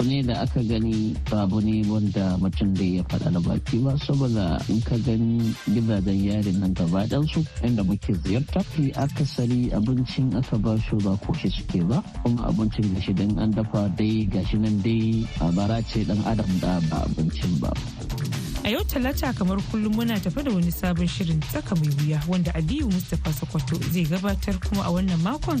abu ne da aka gani babu ne wanda mutum da ya faɗa da baki ba saboda in ka gani gidajen yarin nan gaba su inda muke ziyarta fi akasari abincin aka ba shi ba koshi suke ba kuma abincin da shi dan an dafa dai gashi nan dai a bara ce dan adam da ba abincin ba A yau talata kamar kullum muna tafe da wani sabon shirin tsaka mai wuya wanda Aliyu Mustapha Sokoto zai gabatar kuma a wannan makon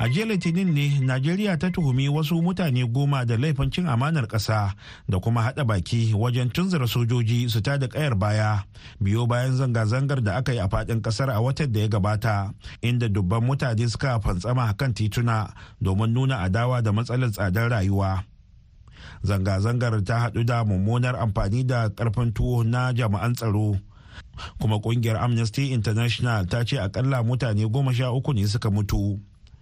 a jiya litinin ne najeriya ta tuhumi wasu mutane goma da laifin cin amanar ƙasa da kuma haɗa baki wajen tunzura sojoji su tada ƙayar baya biyo bayan zanga-zangar da aka yi a faɗin ƙasar a watan da ya gabata inda dubban mutane suka fantsama kan tituna domin nuna adawa da matsalar tsadar rayuwa zanga-zangar ta haɗu da mummunar amfani da ƙarfin tuwo na jami'an tsaro kuma ƙungiyar amnesty international ta ce akalla mutane goma sha uku ne suka mutu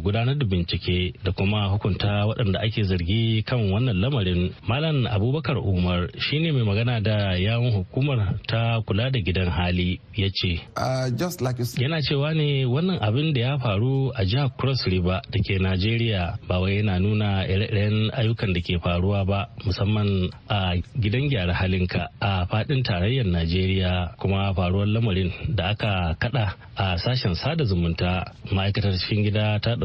gudanar da bincike da kuma hukunta waɗanda ake zargi kan wannan lamarin malam abubakar umar shine mai magana da yawon hukumar ta kula da gidan hali ya ce uh, yana cewa ne wannan abin da ya faru a jihar cross river da ke najeriya ba wai yana nuna ire-iren ayyukan da ke faruwa ba musamman a gidan gyara halinka a faɗin tarayyar najeriya kuma faruwar lamarin da aka kada a sashen sada zumunta ma'aikatar cikin gida ta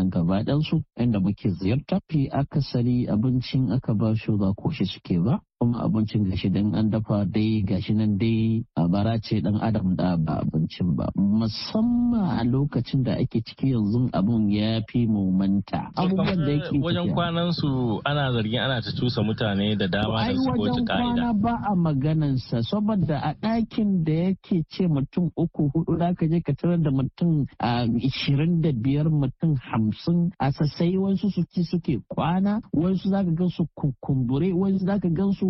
nan gaba ɗansu inda muke ziyarta fi akasari abincin aka ba shi ba koshi suke ba kuma abincin gashi dan an dafa dai gashi nan dai a bara ce dan adam da ba abincin ba musamman a lokacin da ake ciki yanzu abun ya fi mumanta abubuwan da yake wajen kwanan su ana zargin ana ta cusa mutane da dama da su wajen kwana ba a maganan sa saboda a ɗakin da yake ce mutum uku hudu da ka je ka tarar da mutum ishirin da biyar mutum hamsin a sassai wasu su ci suke kwana wasu zaka gan su kumbure wasu zaka gan su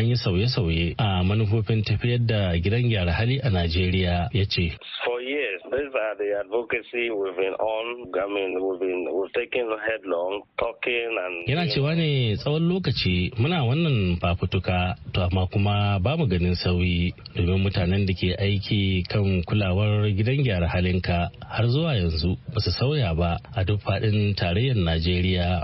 an yi sauye-sauye a manufofin tafiyar da gidan gyara hali a Najeriya ya ce. the advocacy been on. talking Yana cewa ne tsawon lokaci muna wannan fafutuka to amma kuma ba mu ganin sauyi domin mutanen da ke aiki kan kulawar gidan gyara halinka har zuwa yanzu ba su sauya ba a duk faɗin tarayyar Najeriya.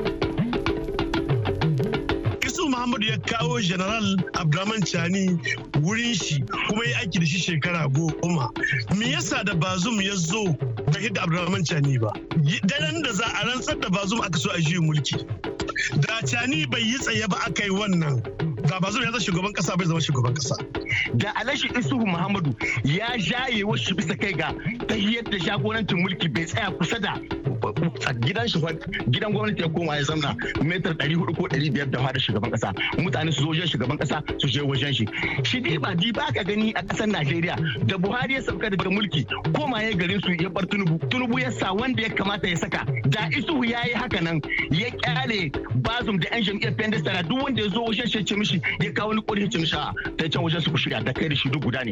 Muhammadu ya kawo General Abdulrahman Chani wurin shi kuma ya aiki da shi shekara goma. Me yasa da Bazum ya zo da hidda Abdulrahman Chani ba? Daren da za a rantsar da Bazum aka so a juyin mulki. Da Chani bai yi tsaye ba aka yi wannan. Da Bazum ya zama shugaban kasa bai zama shugaban kasa. Da Alhaji Isuhu Muhammadu ya jaye wasu bisa kai ga ta da jagorancin mulki bai tsaya kusa da a gidan shi gidan gwamnati ya koma ya zamna metar hudu ko ɗari biyar da fara shugaban kasa mutane su zo wajen shugaban kasa su je wajen shi shi dai ba di ba ka gani a kasar Najeriya da Buhari ya sauka daga mulki koma ya garin su ya bar Tunubu Tunubu ya sa wanda ya kamata ya saka da Isuhu ya yi haka nan ya kyale bazum da yan jam'iyyar Pendes tara duk wanda ya zo wajen shi ya ce mishi ya kawo ni kori ya ce mishi a ta can wajen su ku shirya ta kai da shi duk guda ne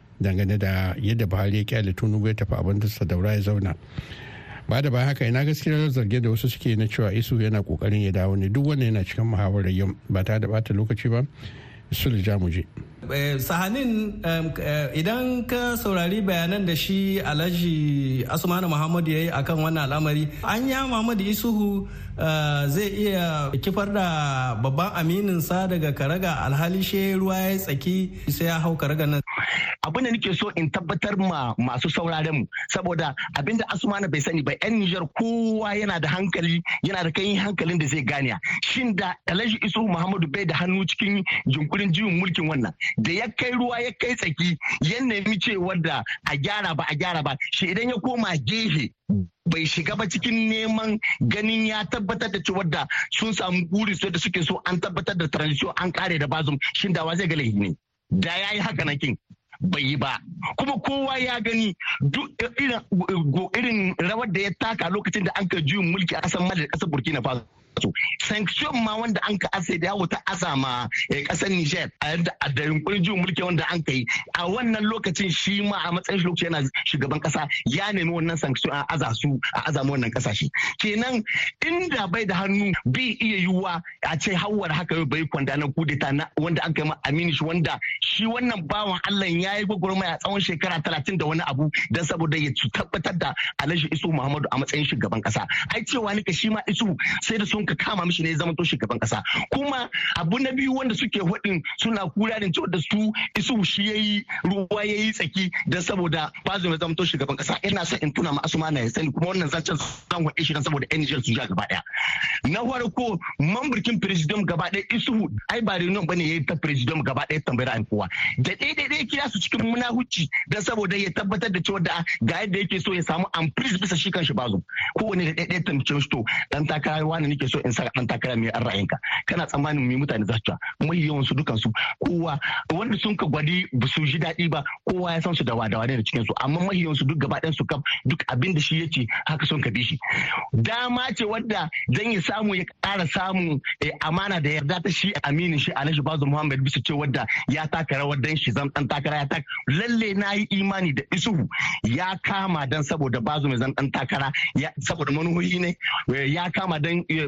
dangane da yadda buhari ya kyale tunubu ya tafi abin da daura ya zauna ba da baya haka ina gaskiyar zarge da wasu suke na cewa isu yana kokarin ya dawo ne duk wanda yana cikin muhawarar yau ba ta da bata lokaci ba ja muje. Eh, sahanin eh, idan ka saurari bayanan da shi alhaji asmanu muhammadu ya yi akan wannan al'amari an yi muhammadu isuhu Eh, zai iya kifar da babban aminin daga karaga alhali she ruwa ya tsaki sai ya hau karaga nan abin da nake so in tabbatar ma masu sauraren mu saboda abinda asumana bai sani ba yan Nijar kowa yana da hankali yana da kai hankalin da zai gane shin da Alhaji Isu Muhammadu bai da hannu cikin jinkurin jiwon mulkin wannan da ya kai ruwa ya kai tsaki ya nemi cewa da a gyara ba a gyara ba shi idan ya koma gehe bai shiga ba cikin neman ganin ya tabbatar da cewa da sun samu buri da suke so an tabbatar da transition an kare da bazum shin dawa zai ga laifi da yayi haka na kin bai yi ba kuma kowa ya gani duk irin rawar da ya taka lokacin da an ka juyin mulki a kasan mali da kasar burkina faso su sanction ma wanda an ka ase da yawo ta azama kasar eh, Niger a yadda a da yunkurin mulki wanda an kai a wannan lokacin shi ma a matsayin shi lokaci yana shugaban kasa ya nemi wannan sanction a aza su a azama wannan kasashe kenan inda bai da hannu bi iya yiwuwa a ce hawar haka yau bai kwanda na kudeta na wanda an kai ma Aminu shi wanda shi wannan bawan Allah ya yi gwagwarmaya tsawon shekara talatin da wani abu don saboda ya tabbatar da Alhaji Isu Muhammadu a matsayin shugaban kasa ai cewa nika shi ma Isu sai da sun Ka kama mishi ne zama to shugaban kasa kuma abu na biyu wanda suke hudin suna kura da cewa da su isu shi yayi ruwa yayi tsaki da saboda bazum ya zama to shugaban kasa ina sa in tuna ma asuma na sani kuma wannan zancen zan hudin shi saboda yan su ja gaba daya na farko mamburkin president gaba daya isu ai ba rinon bane yayi ta president gaba daya tambayar an kowa da dai dai kira su cikin munahuci da saboda ya tabbatar da cewa da ga yadda yake so ya samu amprise bisa shi kanshi bazum kowane da dai tantance shi to dan takarawa ne nake so in sa dan takara mai an ra'ayinka kana tsammanin mai mutane za su ta mai yawan su dukan kowa wanda sun ka gwadi ba su ji daɗi ba kowa ya san su da wadawa wada da cikin su amma mai yawan su duk gaba ɗayan su kam duk abin da shi yace haka sun ka bi shi dama ce wadda zan yi samu ya ƙara samu eh, amana da yarda ta shi aminin shi nashi Bazu Muhammad bisa ce wadda ya taka rawar dan shi zan dan takara ya taka lalle na yi imani da isuhu ya kama dan saboda Bazu mai zan dan takara saboda manuhoyi ne eh, ya kama dan eh,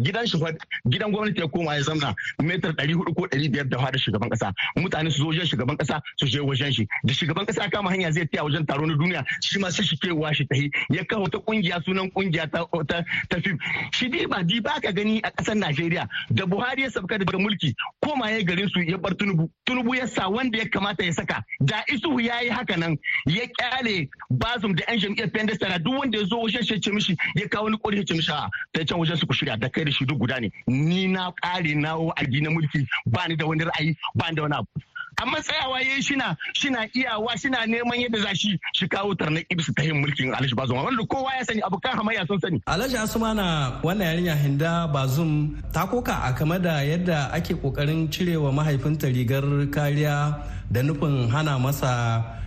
gidan shi gidan gwamnati ya koma ya zamna metar ɗari hudu ko ɗari biyar da fara shugaban kasa mutane su zo wajen shugaban kasa su je wajen shi da shugaban kasa kama hanya zai taya wajen taro na duniya shi ma sai shi kewa shi tahi ya kawo ta kungiya sunan kungiya ta ta fim shi dai ba di ba ka gani a ƙasar Najeriya da Buhari ya sabka daga mulki koma ya gare su ya bar tunubu tunubu ya sa wanda ya kamata ya saka da isuhu ya yi haka nan ya kyale bazum da yan jam'iyyar pendestara duk wanda ya zo wajen shi mishi ya kawo ni kori shi mishi ta can wajen su ku shirya da kai da shi duk guda ne ni na kare na a na mulki ba ni da wani ra'ayi ba ni da wani abu amma tsayawa ya shina shina iyawa shina neman yadda za shi shi kawo tarna ibsu ta yin mulkin Alhaji Bazum wanda kowa ya sani abu abokan hamayya sun sani Alhaji Asmana wannan yarinya Hinda Bazum ta koka a kama da yadda ake kokarin cirewa mahaifinta rigar kariya da nufin hana masa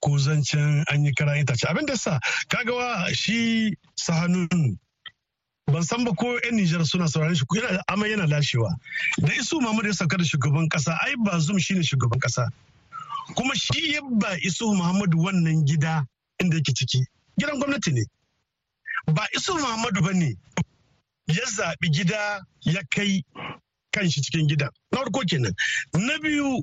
ko zancen an yi kara itace abin da sa kagawa shi sahanun ban san ba ko yan Nijar suna sauraron shi kuma amma yana lashewa da isu Muhammadu ya sauka da shugaban kasa ai ba zum ne shugaban kasa kuma shi ya ba isu Muhammadu wannan gida inda yake ciki gidan gwamnati ne ba isu Muhammadu ba ne ya zaɓi gida ya kai kan shi cikin gidan na farko kenan na biyu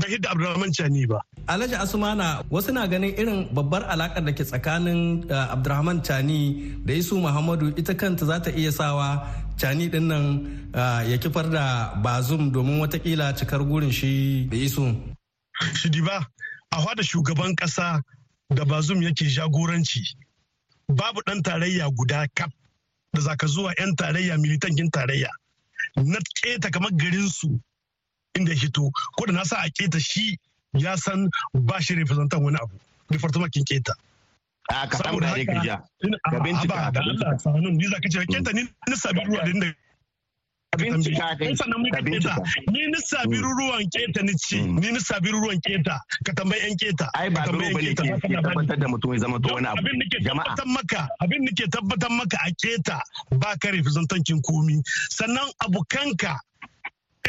bai da abdurrahman chani ba alhaji asumana wasu na ganin irin babbar alakar da ke tsakanin eh, abdurrahman chani da isu muhammadu ita kanta za ta iya sawa cani din nan eh, ya kifar da bazum domin watakila cikar gurin shi da isu shi a hada shugaban kasa da bazum yake jagoranci babu dan tarayya guda kap da zaka zuwa yan tarayya militankin tarayya na keta kamar garinsu inda ya hito ko da na sa a keta shi ya san ba shi representan wani abu department kin keta a ka samu da ka ja ka bincika da Allah sanun ni zaka ce keta ni ni sabi ruwa din da bincika kai sannan muka keta ni ni sabi mm. ruwan keta ni ci mm. ni ni sabi ruwan keta ka tambayi yan keta ai ba ruwa bane ke tabbatar da mutum ya zama to wani abu jama'a abin maka abin nake tabbatar maka a keta ba ka representan kin komi sannan abukanka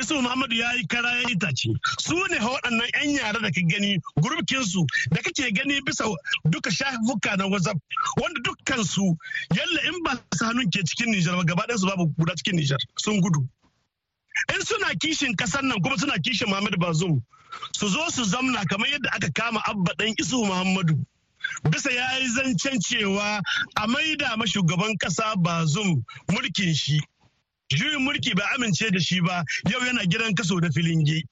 Isu Muhammadu ya yi kara ya itace su ne waɗannan 'yan yara da ka gani gurbikinsu da kake gani bisa duka shafuka na wazaf wanda dukkansu yalla in ba su hannun ke cikin Nijar ba gaba su babu guda cikin Nijar sun gudu. In suna kishin ƙasar nan kuma suna kishin Muhammadu Bazum su zo su zamna kamar yadda aka kama abba ɗan Isu Muhammadu. bisa ya yi zancen cewa a maida mashugaban ƙasa bazum mulkin shi juyin mulki bai amince da shi ba yau yana gidan kaso da filingi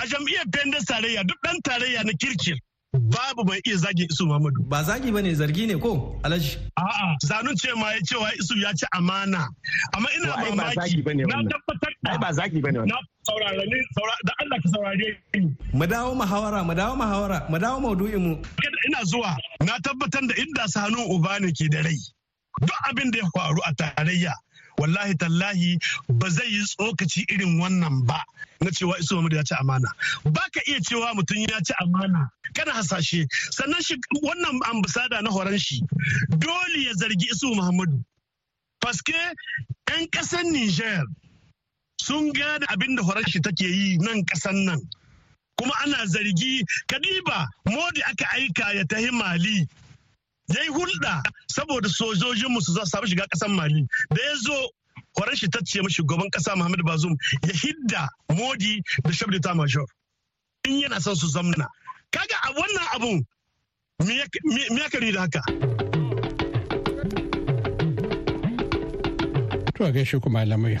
a jam'iyyar pendas tarayya duk ɗan tarayya na kirkir babu mai iya zagi isu Muhammadu. Ba zagi bane zargi ne ko alaji. A'a zanun ce ma ya cewa isu ya ci amana. Amma ina mamaki na tabbatar da. Ai ba zagi bane wannan. Na saurare da Allah ka saurare ni. Mu dawo muhawara mu dawo muhawara mu dawo maudu'in mu. Ina zuwa na tabbatar da inda Sanu Uba ne ke da rai. Duk abin da ya faru a tarayya wallahi tallahi ba zai yi tsokaci irin wannan ba na cewa iso Muhammadu ya ci amana ba ka iya cewa mutum ya ci amana kana hasashe sannan shi wannan ambasada na horon shi dole ya zargi iso Muhammadu faske 'yan kasan Niger sun gane abin da horon shi take yi nan kasan nan kuma ana zargi kadiba modi aka aika ya tahi mali ya yi hulɗa saboda sojojinmu su samu shiga ƙasar mali da ya zo kwaran shi tacce mashi shugaban ƙasa muhammadu bazum ya hidda modi da shabda ta major in yana son su zamna kaga a wannan abun me ya kari da haka to a gaishe kuma alamai.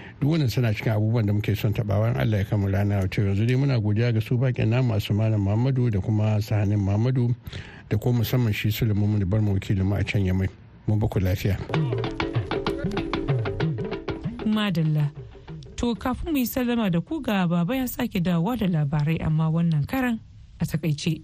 duk wannan suna cikin abubuwan da muke son tabawan Allah ya kama rana wato yanzu dai muna godiya ga su baƙin na masu malam Muhammadu da kuma sahanin Muhammadu da kuma musamman shi Sulaiman da bar mu wakilin mu a can Yamai mun ba ku lafiya madalla to kafin mu yi sallama da ku ga baba ya sake dawowa da labarai amma wannan karan a takaice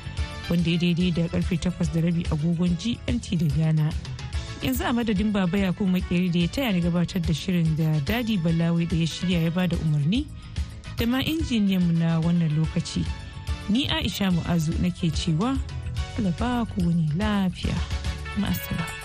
wanda ya daidai da karfe takwas da rabi agogon gmt da ghana yanzu a madadin baba yakub makeri da ya taya ni gabatar da shirin da dadi balawi da ya shirya ya bada umarni da ma injiniyan mu na wannan lokaci ni aisha mu'azu nake cewa alaba ku wani lafiya ma'asala